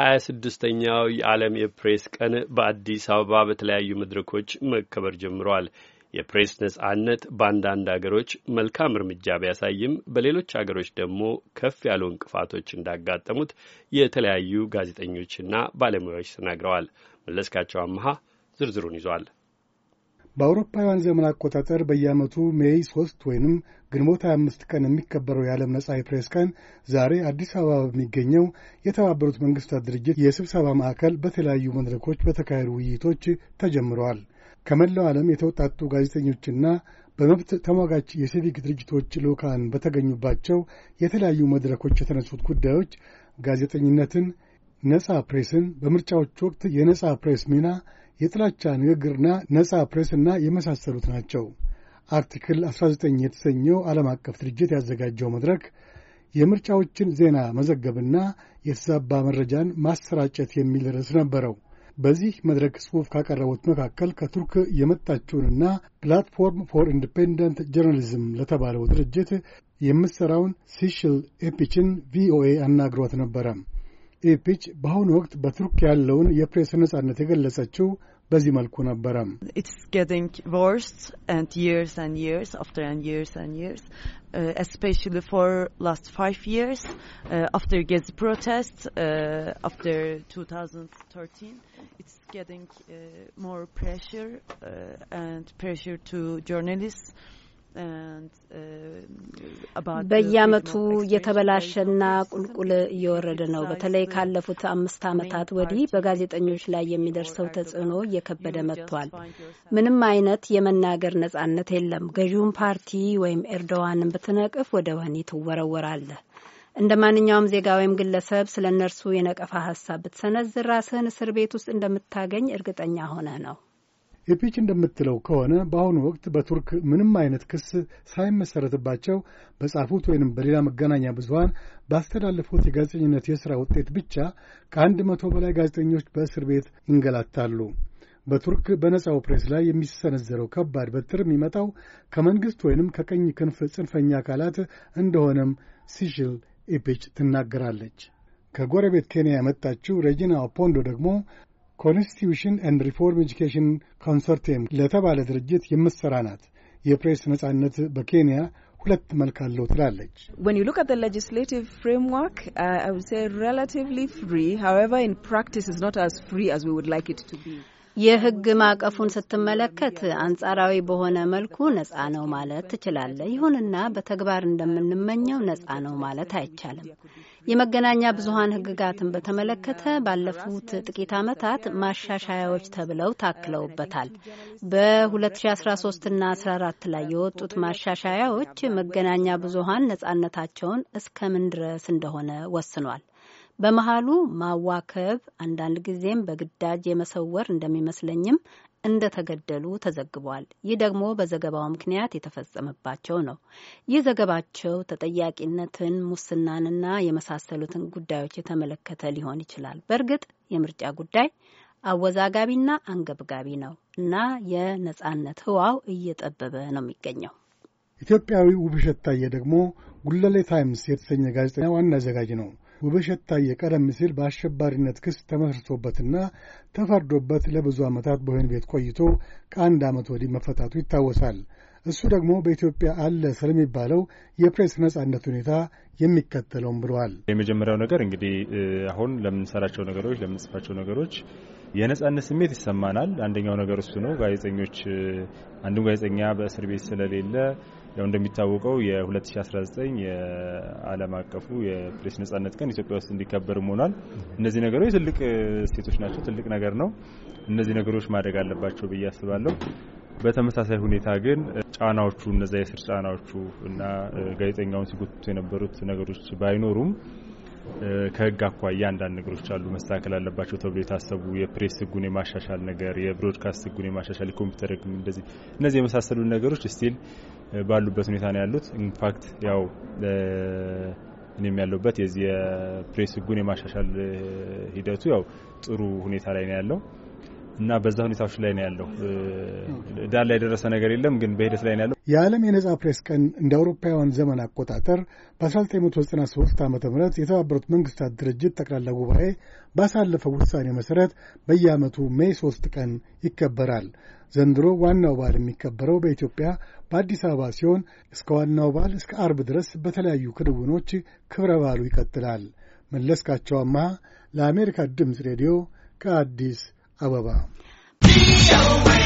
ሀያ ስድስተኛው የዓለም የፕሬስ ቀን በአዲስ አበባ በተለያዩ መድረኮች መከበር ጀምሯል። የፕሬስ ነጻነት በአንዳንድ አገሮች መልካም እርምጃ ቢያሳይም በሌሎች አገሮች ደግሞ ከፍ ያሉ እንቅፋቶች እንዳጋጠሙት የተለያዩ ጋዜጠኞችና ባለሙያዎች ተናግረዋል። መለስካቸው አመሃ ዝርዝሩን ይዟል። በአውሮፓውያን ዘመን አቆጣጠር በየዓመቱ ሜይ 3 ወይም ግንቦት 25 ቀን የሚከበረው የዓለም ነጻ የፕሬስ ቀን ዛሬ አዲስ አበባ በሚገኘው የተባበሩት መንግስታት ድርጅት የስብሰባ ማዕከል በተለያዩ መድረኮች በተካሄዱ ውይይቶች ተጀምረዋል። ከመላው ዓለም የተወጣጡ ጋዜጠኞችና በመብት ተሟጋች የሲቪክ ድርጅቶች ልዑካን በተገኙባቸው የተለያዩ መድረኮች የተነሱት ጉዳዮች ጋዜጠኝነትን ነጻ ፕሬስን በምርጫዎች ወቅት የነጻ ፕሬስ ሚና የጥላቻ ንግግርና ነጻ ፕሬስና የመሳሰሉት ናቸው። አርቲክል 19 የተሰኘው ዓለም አቀፍ ድርጅት ያዘጋጀው መድረክ የምርጫዎችን ዜና መዘገብና የተዛባ መረጃን ማሰራጨት የሚል ርዕስ ነበረው። በዚህ መድረክ ጽሑፍ ካቀረቡት መካከል ከቱርክ የመጣችውንና ፕላትፎርም ፎር ኢንዲፔንደንት ጆርናሊዝም ለተባለው ድርጅት የምትሠራውን ሲሽል ኤፒችን ቪኦኤ አናግሯት ነበረ። It's getting worse and years and years after በዚህ መልኩ ነበረ። Uh, especially for last five years uh, after Gaza protests uh, after 2013 it's getting uh, more pressure and pressure to journalists Uh, በየአመቱ የተበላሸና ቁልቁል እየወረደ ነው። በተለይ ካለፉት አምስት አመታት ወዲህ በጋዜጠኞች ላይ የሚደርሰው ተጽዕኖ እየከበደ መጥቷል። ምንም አይነት የመናገር ነጻነት የለም። ገዢውን ፓርቲ ወይም ኤርዶዋንን ብትነቅፍ ወደ ወህኒ ትወረወራለህ። እንደ ማንኛውም ዜጋ ወይም ግለሰብ ስለ እነርሱ የነቀፋ ሀሳብ ብትሰነዝር ራስህን እስር ቤት ውስጥ እንደምታገኝ እርግጠኛ ሆነህ ነው። ኤፒክ እንደምትለው ከሆነ በአሁኑ ወቅት በቱርክ ምንም አይነት ክስ ሳይመሰረትባቸው በጻፉት ወይንም በሌላ መገናኛ ብዙሀን ባስተላለፉት የጋዜጠኝነት የሥራ ውጤት ብቻ ከአንድ መቶ በላይ ጋዜጠኞች በእስር ቤት ይንገላታሉ። በቱርክ በነጻው ፕሬስ ላይ የሚሰነዘረው ከባድ በትር የሚመጣው ከመንግሥት ወይንም ከቀኝ ክንፍ ጽንፈኛ አካላት እንደሆነም ሲሽል ኢፒች ትናገራለች። ከጎረቤት ኬንያ የመጣችው ሬጂና ኦፖንዶ ደግሞ ኮንስቲቱሽን ኤንድ ሪፎርም ኤጁኬሽን ኮንሰርቴም ለተባለ ድርጅት የምትሠራ ናት። የፕሬስ ነጻነት በኬንያ ሁለት መልክ አለው ትላለች። uh, የሕግ ማዕቀፉን ስትመለከት አንጻራዊ በሆነ መልኩ ነጻ ነው ማለት ትችላለህ። ይሁንና በተግባር እንደምንመኘው ነጻ ነው ማለት አይቻልም። የመገናኛ ብዙሀን ህግጋትን በተመለከተ ባለፉት ጥቂት ዓመታት ማሻሻያዎች ተብለው ታክለውበታል። በ2013ና 14 ላይ የወጡት ማሻሻያዎች መገናኛ ብዙሀን ነጻነታቸውን እስከምን ድረስ እንደሆነ ወስኗል። በመሀሉ ማዋከብ አንዳንድ ጊዜም በግዳጅ የመሰወር እንደሚመስለኝም እንደተገደሉ ተዘግቧል። ይህ ደግሞ በዘገባው ምክንያት የተፈጸመባቸው ነው። ይህ ዘገባቸው ተጠያቂነትን፣ ሙስናንና የመሳሰሉትን ጉዳዮች የተመለከተ ሊሆን ይችላል። በእርግጥ የምርጫ ጉዳይ አወዛጋቢና አንገብጋቢ ነው እና የነጻነት ህዋው እየጠበበ ነው የሚገኘው። ኢትዮጵያዊ ውብሸት ታየ ደግሞ ጉለሌ ታይምስ የተሰኘ ጋዜጠኛ ዋና አዘጋጅ ነው። ውብሸት ታየ ቀደም ሲል በአሸባሪነት ክስ ተመስርቶበትና ተፈርዶበት ለብዙ ዓመታት በወህኒ ቤት ቆይቶ ከአንድ ዓመት ወዲህ መፈታቱ ይታወሳል። እሱ ደግሞ በኢትዮጵያ አለ ስለሚባለው የፕሬስ ነጻነት ሁኔታ የሚከተለውም ብለዋል። የመጀመሪያው ነገር እንግዲህ አሁን ለምንሰራቸው ነገሮች፣ ለምንጽፋቸው ነገሮች የነጻነት ስሜት ይሰማናል። አንደኛው ነገር እሱ ነው። ጋዜጠኞች አንዱም ጋዜጠኛ በእስር ቤት ስለሌለ ያው እንደሚታወቀው የ2019 የዓለም አቀፉ የፕሬስ ነጻነት ቀን ኢትዮጵያ ውስጥ እንዲከበርም ሆኗል። እነዚህ ነገሮች ትልቅ ስቴቶች ናቸው፣ ትልቅ ነገር ነው። እነዚህ ነገሮች ማደግ አለባቸው ብዬ አስባለሁ። በተመሳሳይ ሁኔታ ግን ጫናዎቹ እነዛ የስር ጫናዎቹ እና ጋዜጠኛውን ሲጎትቱ የነበሩት ነገሮች ባይኖሩም ከህግ አኳያ አንዳንድ ነገሮች አሉ መስተካከል አለባቸው ተብሎ የታሰቡ የፕሬስ ህጉን የማሻሻል ነገር፣ የብሮድካስት ህጉን የማሻሻል፣ የኮምፒውተር ህግ እንደዚህ እነዚህ የመሳሰሉ ነገሮች ስቲል ባሉበት ሁኔታ ነው ያሉት። ኢንፋክት ያው እኔም ያለሁበት የዚህ የፕሬስ ህጉን የማሻሻል ሂደቱ ያው ጥሩ ሁኔታ ላይ ነው ያለው እና በዛ ሁኔታዎች ላይ ነው ያለው ዳር ላይ የደረሰ ነገር የለም፣ ግን በሂደት ላይ ያለው የዓለም የነጻ ፕሬስ ቀን እንደ አውሮፓውያን ዘመን አቆጣጠር በ1993 ዓ ም የተባበሩት መንግስታት ድርጅት ጠቅላላ ጉባኤ ባሳለፈው ውሳኔ መሠረት በየዓመቱ ሜይ 3 ቀን ይከበራል። ዘንድሮ ዋናው በዓል የሚከበረው በኢትዮጵያ በአዲስ አበባ ሲሆን እስከ ዋናው በዓል እስከ አርብ ድረስ በተለያዩ ክንውኖች ክብረ በዓሉ ይቀጥላል። መለስካቸው አማሃ ለአሜሪካ ድምፅ ሬዲዮ ከአዲስ አበባ